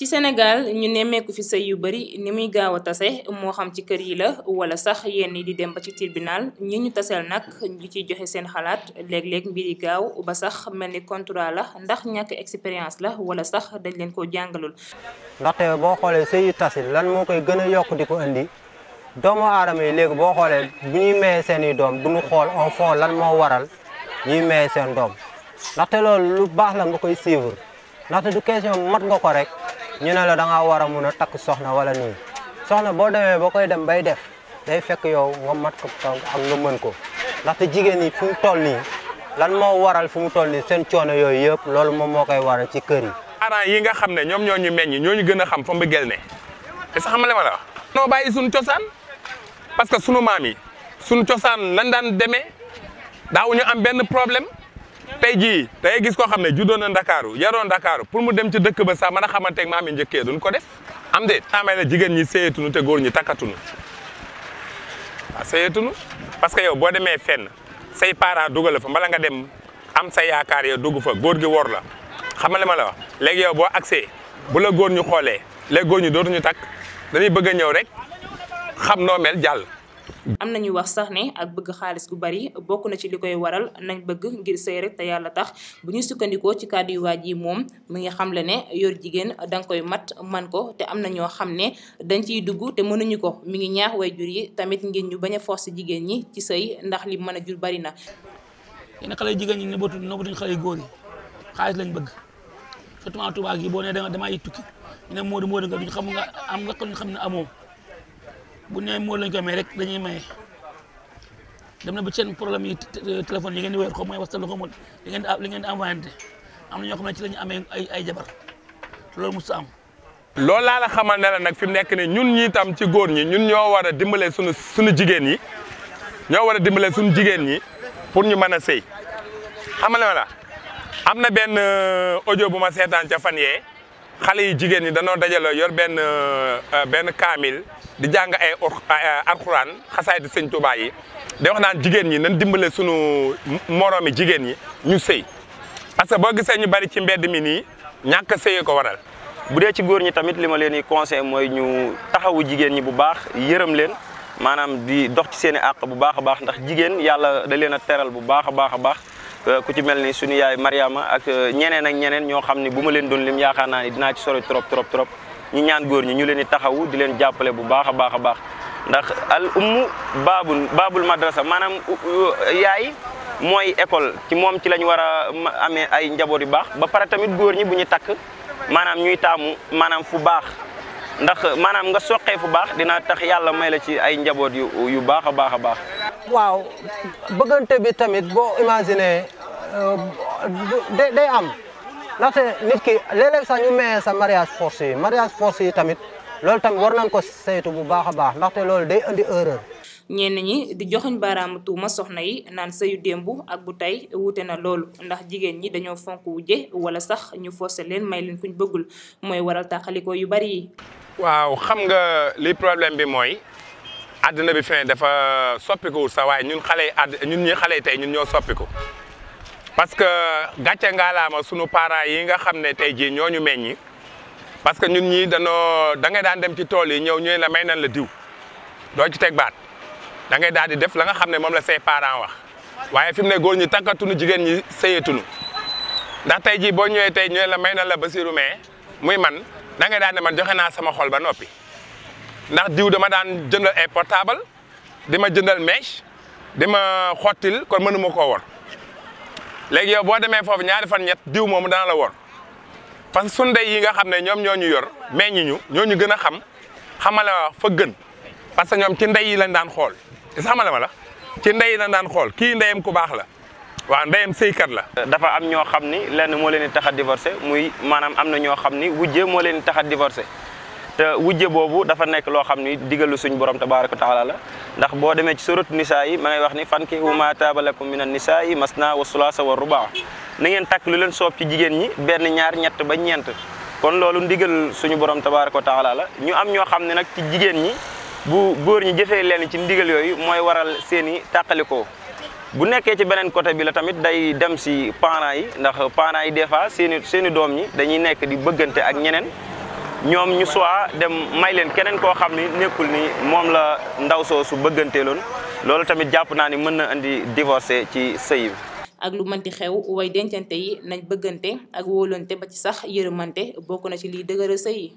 ci Sénégal ñu nemmeeku fi sëy yu bari ni muy gaaw a tase moo xam ci kër yi la wala sax yenn di dem ba ci tribunal ñi ñu taseel nag ñu ciy joxe seen xalaat léeg-léeg mbir gaaw ba sax mel ni contrat la ndax ñàkk expérience la wala sax dañ leen koo jàngalul. ndaxte boo xoolee sëy yu lan moo koy gën a yokk di ko indi doomu aadama yi léegi boo xoolee bu ñuy mayee seen i doom duñu xool en fond lan moo waral ñuy mayee seen doom ndaxte loolu lu baax la nga koy suivre ndaxte du question mat nga ko rek. ñu ne la da ngaa war a mun a takk soxna wala nii soxna boo demee boo koy dem bay def day fekk yow nga mat ko ak nga mën ko ndaxte jigéen ñi fu mu toll nii lan moo waral fu mu toll nii seen coono yooyu yëpp loolu moom moo koy waral ci kër yi. parents yi nga xam ne ñoom ñoo ñu meññ ñoo ñu gën a xam fa mbëggeel ne te sax ma la wax. noo bàyyi suñu cosaan parce que sunu maam yi sunu cosaan lan daan demee daawuñu am benn problème. tey jii day gis koo xam ne juddoo na Ndakaaru yaroon Ndakaaru pour mu dem ci dëkk ba sax man a xamante maam yi njëkkee duñ ko def am de amee na jigéen ñi séyetunu te góor ñi takkatunu waaw séyetunu parce que yow boo demee fenn say parents dugal fa mbala nga dem am sa yaakaar yow dugg fa góor gi woor la xam nga li ma la wax léegi yow boo accès bu la góor ñu xoolee léegi góor ñu dootuñu takk dañuy bëgg a ñëw rek xam noo mel jàll am na nañuy wax sax ne ak bëgg xaalis gu bari bokk na ci li koy waral nañ bëgg ngir sëy rek te yàlla tax bu ñu sukkandikoo ci kàddu yu waaj yi moom mi ngi xamle ne yor jigéen danga koy mat man ko te am na ñoo xam ne dañ ciy dugg te mënuñu ko mi ngi ñaax waajur yi tamit ngir ñu bañ a forcer jigéen ñi ci sëy ndax li mën a jur bari na. yéen xale jigéen ñi nëbbatu nëbbatuñ xale góor yi xaalis lañ bëgg surtout Touba gi boo nee damay tukki ñu ne Modou Modou nga duñ xam nga am nga xam ne amoo bu nee moo lañ ko amee rek dañuy maye dem na ba seen problème yi téléphone yi ngeen di weer xaw mooy WhatsApp la ko moom li ngeen di li ngeen di am na ñoo xam ne ci la ñu ay ay jabar loolu mos am. loolu laa la xamal ne la nag fi mu nekk nii ñun ñi tam ci góor ñi ñun ñoo war a dimbale suñu suñu jigéen ñi ñoo war a dimbale suñu jigéen ñi pour ñu mën a sëy xam nga la am na benn euh, audio bu ma seetaan ca fan yee xale yi jigéen ñi danoo dajaloo yor benn euh, benn kaamil di jàng ay alxuraan xasaay di sëñ Tuubaa yi da wax naan jigéen ñi nañ dimbale sunu moroomi jigéen ñi ñu sëy parce que boo gisee ñu bari ci mbedd mi nii ñàkk a ko waral. bu dee ci góor ñi tamit li ma leen di conseil mooy ñu taxawu jigéen ñi bu baax yërëm leen maanaam di dox ci seen i àq bu baax a baax ndax jigéen yàlla da leen a teral bu baax a baax a baax. Euh, ku ci mel ni suñu yaay Mariama ak euh, ñeneen ak ñeneen ñoo xam ni bu ma leen doon lim yaakaar naa ni dinaa ci sori trop trop trop ñi ñaan góor ñi ñu leen di taxawu di leen jàppale bu baax a baax a baax ndax al ummu baabul baabul madrasa maanaam yaay mooy école ci moom ci lañ war a amee ay njaboot yu baax ba pare tamit góor ñi bu ñu takk maanaam ñuy taamu maanaam fu baax ndax maanaam nga soqee fu baax dinaa tax yàlla may la ci ay njaboot yu yu baax a baax a baax waaw bëggante bi tamit boo imaginer euh, day am ndaxte nit ki léeg sax ñu mayee sa mariage forcé yi mariage forcé yi tamit loolu tamit war nañ ko saytu bu baax a baax ndaxte loolu day indi erreur. ñenn ñi di joxuñ baaraamu tuuma soxna yi naan sëyu démb ak bu tey wuute na loolu ndax jigéen ñi dañoo fonk wujje wala sax ñu forcé leen may leen kuñ bëggul mooy waral tàqalikoo yu bari yi. waaw xam nga li problème bi mooy àddina bi fi ne dafa soppiku sa waaye ñun xale yi àdd ñun ñi xale yi tey ñun ñoo soppiku parce que gàcce ngaalaama sunu parents yi nga xam ne tey jii ñooñu meññi parce que ñun ñii danoo da ngay daan dem ci tool yi ñëw ñu la may nan la diw doo ci teg baat da ngay daal di def la nga xam ne moom la sey parents wax waaye fi mu ne góor ñi tàkkatunu jigéen ñi sëyatunu ndax tey jii boo ñëwee tey ñu la may nan la Basirou mais muy man da ngay daal ne man joxe naa sama xol ba noppi. ndax diw dama daan jëndal ay portable dama jëndal mèche dama xottil kon mënuma ko wor léegi yow boo demee foofu ñaari fan ñett diw moomu dana la wor parce que sunu ndey yi nga xam ne ñoom ñoo ñu yor meññ ñu ñoo ñu gën a xam xamala fa gën parce que ñoom ci ndey yi lañ daan xool te xamala ma la ci ndey yi lañ daan xool kii ndeyam ku baax la waaw ndeyam seykat la. dafa am ñoo xam ni lenn moo leen di tax a divorcé muy maanaam am na ñoo xam ni wujje moo leen di tax te wujje boobu dafa nekk loo xam ni digalu suñu borom tabaaraka wa taala la ndax boo demee ci suratu nisaa yi ma ngay wax ni fankihu maa taaba lakum mina nisaa'i masna wa sa war rubaa na ngeen takk lu leen soob ci jigéen ñi benn ñaar ñett ba ñeent kon loolu ndigal suñu borom tabaaraka wa taala la ñu am ñoo xam ne nag ci jigéen ñi bu góor ñi jëfee leen ci ndigal yooyu mooy waral seeni i tàqalikoo bu nekkee ci beneen côté bi la tamit day dem si parents yi ndax parents yi des fois seen i seen doom ñi dañuy nekk di bëggante ak ñeneen ñoom ñu soit dem may leen keneen koo xam ni nekkul ni moom la ndaw soo su bëggantee bëgganteeloon loolu tamit jàpp naa ni mën na indi divorcé ci sëy ak lu mënti xew way dencante yi nañ bëggante ak wóolante ba ci sax yërëmante bokk na ci liy dëgëral sëy yi.